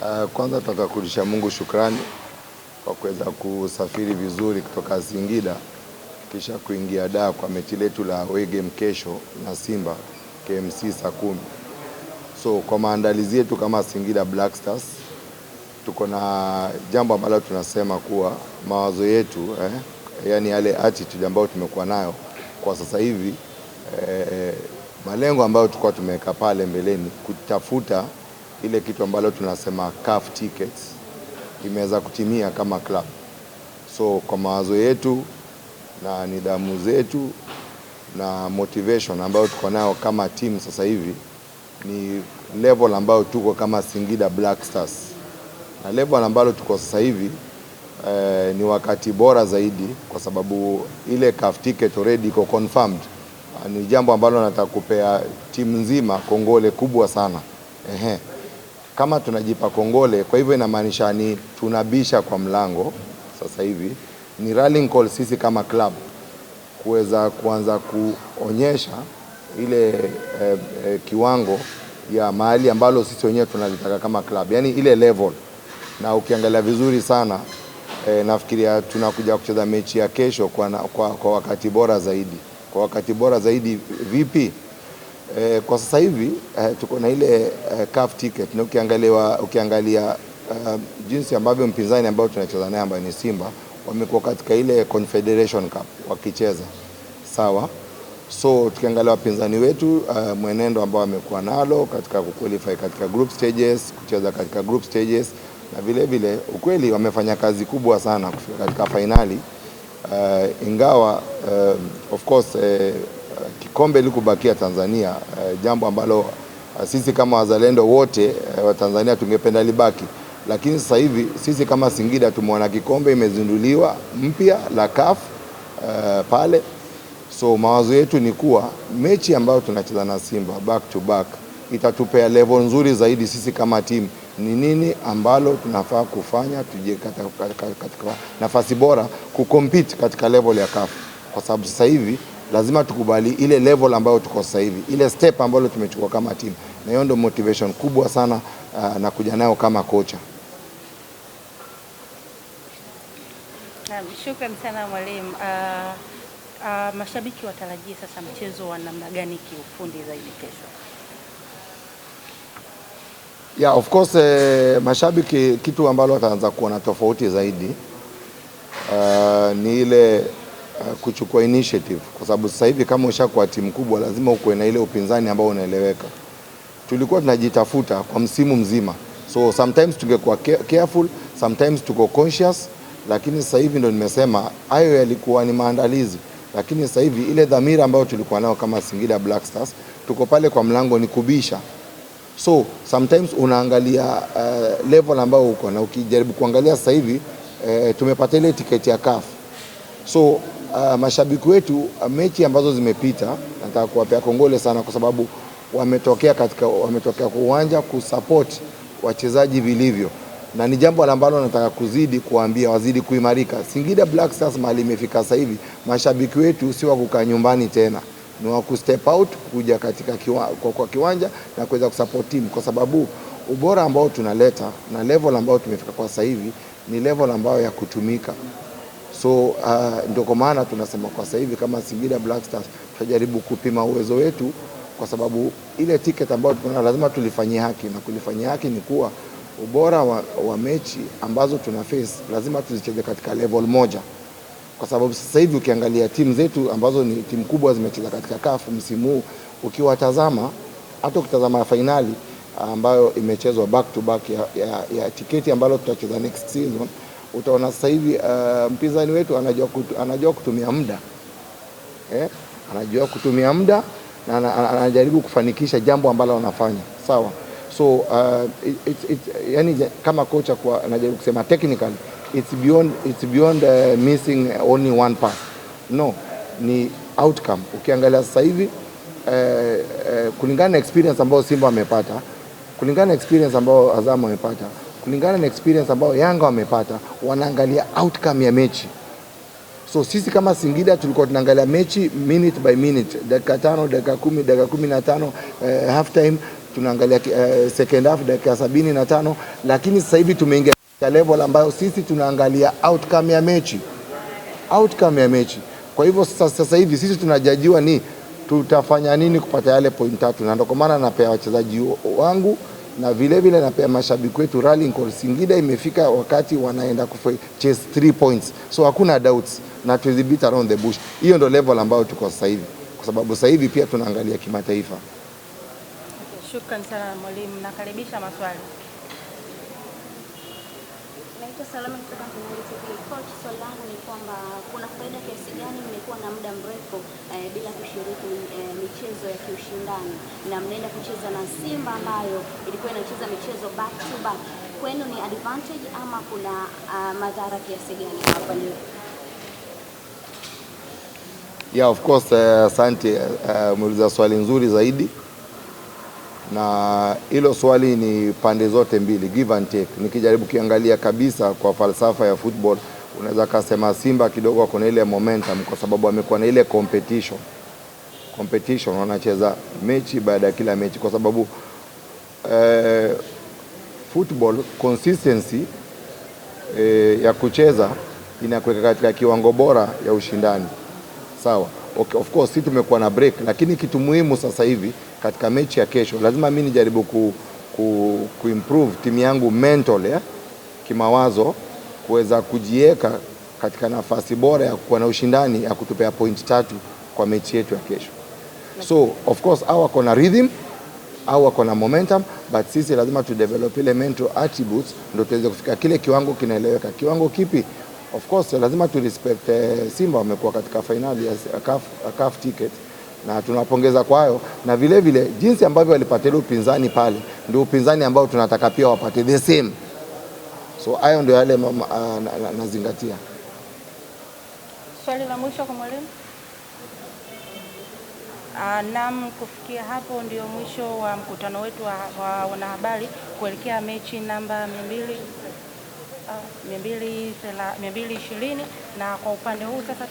Eh, kwanza nataka kurudisha Mungu shukrani kwa kuweza kusafiri vizuri kutoka Singida kisha kuingia Dar kwa mechi letu la away game kesho na Simba KMC saa kumi. So kwa maandalizi yetu kama Singida Black Stars tuko na jambo ambalo tunasema kuwa mawazo yetu eh, yani yale attitude ambayo tumekuwa nayo kwa sasa hivi eh, malengo ambayo tulikuwa tumeweka pale mbeleni kutafuta ile kitu ambalo tunasema CAF tickets imeweza kutimia kama club. So kwa mawazo yetu na nidhamu zetu na motivation ambayo tuko nayo kama team sasa hivi ni level ambayo tuko kama Singida Black Stars, na level ambalo tuko sasa hivi eh, ni wakati bora zaidi, kwa sababu ile CAF ticket already iko confirmed. Ah, ni jambo ambalo nataka kupea timu nzima kongole kubwa sana ehe kama tunajipa kongole. Kwa hivyo inamaanisha ni tunabisha kwa mlango sasa hivi, ni rallying call sisi kama club kuweza kuanza kuonyesha ile eh, eh, kiwango ya mahali ambalo sisi wenyewe tunalitaka kama club, yani ile level. Na ukiangalia vizuri sana eh, nafikiria tunakuja kucheza mechi ya kesho kwa, na, kwa, kwa wakati bora zaidi. Kwa wakati bora zaidi vipi? E, kwa sasa hivi e, tuko na ile e, CAF ticket na ukiangalia, ukiangalia e, jinsi ambavyo mpinzani ambao tunacheza naye ambaye ni Simba wamekuwa katika ile Confederation Cup wakicheza sawa. So tukiangalia wapinzani wetu e, mwenendo ambao wamekuwa nalo katika kuqualify katika group stages, kucheza katika group stages na vile vile ukweli wamefanya kazi kubwa sana kufika katika fainali e, ingawa e, of course e, kombe likubakia Tanzania, eh, jambo ambalo eh, sisi kama wazalendo wote eh, wa Tanzania tungependa libaki, lakini sasa hivi sisi kama Singida tumeona kikombe imezinduliwa mpya la CAF uh, pale so mawazo yetu ni kuwa mechi ambayo tunacheza na Simba back to back itatupea level nzuri zaidi. Sisi kama timu ni nini ambalo tunafaa kufanya tuje katika nafasi bora kukompiti katika level ya CAF, kwa sababu sasa hivi lazima tukubali ile level ambayo tuko sasa hivi, ile step ambayo tumechukua kama timu, na hiyo ndio motivation kubwa sana uh, na kuja nayo kama kocha. Shukran sana mwalimu. Uh, uh, mashabiki watarajie sasa mchezo wa namna gani kiufundi zaidi kesho? Yeah, of course eh, mashabiki kitu ambalo wataanza kuona tofauti zaidi uh, ni ile Uh, kuchukua initiative, kwa sababu sasa hivi kama ushakuwa timu kubwa lazima ukuwe na ile upinzani ambao unaeleweka. Tulikuwa tunajitafuta kwa msimu mzima, so sometimes tungekuwa careful, sometimes tuko conscious, lakini sasa hivi ndo nimesema hayo yalikuwa ni maandalizi, lakini sasa hivi ile dhamira ambayo tulikuwa nayo kama Singida Black Stars, tuko pale kwa mlango ni kubisha so sometimes unaangalia uh, level ambayo uko na ukijaribu kuangalia sasa hivi uh, tumepata ile tiketi ya CAF so uh, mashabiki wetu ah, mechi ambazo zimepita, nataka kuwapea kongole sana kwa sababu wametokea katika wametokea kwa uwanja kusupport wachezaji vilivyo, na ni jambo ambalo nataka kuzidi kuambia wazidi kuimarika. Singida Black Stars mahali imefika sasa hivi, mashabiki wetu si wa kukaa nyumbani tena, ni wa ku step out kuja katika kiwa, kwa, kwa kiwanja na kuweza kusupport team kwa sababu ubora ambao tunaleta na level ambayo tumefika kwa sasa hivi ni level ambayo ya kutumika. So uh, ndio kwa maana tunasema kwa sasa hivi kama Singida Black Stars tutajaribu kupima uwezo wetu, kwa sababu ile ticket ambayo tuna lazima tulifanyie haki, na kulifanyia haki ni kuwa ubora wa, wa mechi ambazo tuna face lazima tuzicheze katika level moja, kwa sababu sasa hivi ukiangalia timu zetu ambazo ni timu kubwa zimecheza katika kafu msimu huu, ukiwatazama hata ukitazama fainali ambayo imechezwa back to back ya, ya, ya tiketi ambalo tutacheza next season utaona sasa hivi uh, mpinzani wetu anajua, kutu, anajua kutumia muda eh? anajua kutumia muda na anajaribu kufanikisha jambo ambalo anafanya sawa. So uh, it, it, yani kama kocha kwa anajaribu kusema technically it's beyond, it's beyond uh, missing only one pass no, ni outcome. Ukiangalia sasa hivi uh, uh, kulingana na experience ambayo Simba amepata, kulingana na experience ambayo Azam amepata kulingana na experience ambayo Yanga wamepata, wanaangalia outcome ya mechi. So sisi kama Singida tulikuwa tunaangalia mechi minute by minute, dakika tano, dakika kumi, dakika kumi na tano, eh, half time tunaangalia eh, second half dakika sabini na tano, lakini sasa hivi tumeingia katika level ambayo sisi tunaangalia outcome ya mechi, outcome ya mechi. Kwa hivyo sasa hivi sisi tunajajiwa ni tutafanya nini kupata yale point tatu, na ndio kwa maana napea wachezaji wangu na vile vile napea mashabiki wetu Rallying Call Singida imefika wakati wanaenda kuchase three points, so hakuna doubts na tuzi beat around the bush. Hiyo ndo level ambayo tuko sasa hivi, kwa sababu sasa hivi pia tunaangalia kimataifa. Okay, shukrani sana mwalimu, nakaribisha maswali. Naitwa Salama kutoka Mtandao TV. Coach, swali langu ni kwamba kuna faida kiasi gani mmekuwa na muda mrefu eh, bila kushiriki eh, michezo ya kiushindani na mnaenda kucheza na Simba ambayo ilikuwa inacheza michezo back to back. Kwenu ni advantage ama kuna uh, madhara kiasi gani hapa leo? Yeah, of course, eh, asante uh, uh, swali nzuri zaidi na hilo swali ni pande zote mbili, give and take. Nikijaribu kiangalia kabisa kwa falsafa ya football, unaweza kasema Simba kidogo na ile momentum, kwa sababu amekuwa na ile competition competition, wanacheza mechi baada ya kila mechi, kwa sababu eh, football consistency eh, ya kucheza inakuweka katika kiwango bora ya ushindani, sawa. Okay, of course si tumekuwa na break, lakini kitu muhimu sasa hivi katika mechi ya kesho, lazima mi nijaribu ku, ku, kuimprove timu yangu mental ya, eh, kimawazo kuweza kujiweka katika nafasi bora ya kuwa na ushindani ya kutupea point tatu kwa mechi yetu ya kesho. So of course au wako na rhythm au wako na momentum, but sisi lazima tu develop ile mental attributes ndio tuweze kufika kile kiwango kinaeleweka. Kiwango kipi? Of course lazima tu respect eh, Simba wamekuwa katika finali ya CAF, CAF ticket na tunapongeza kwayo, na vile vile jinsi ambavyo ile upinzani pale, ndio upinzani ambao tunataka pia wapate the same. So hayo ndio yale ah, nazingatia. Swali la mwisho kwa mwalimu. Uh, ah, nam kufikia hapo ndio mwisho wa mkutano wetu wa, wa wanahabari kuelekea mechi namba 220 uh, ah, na kwa upande huu sasa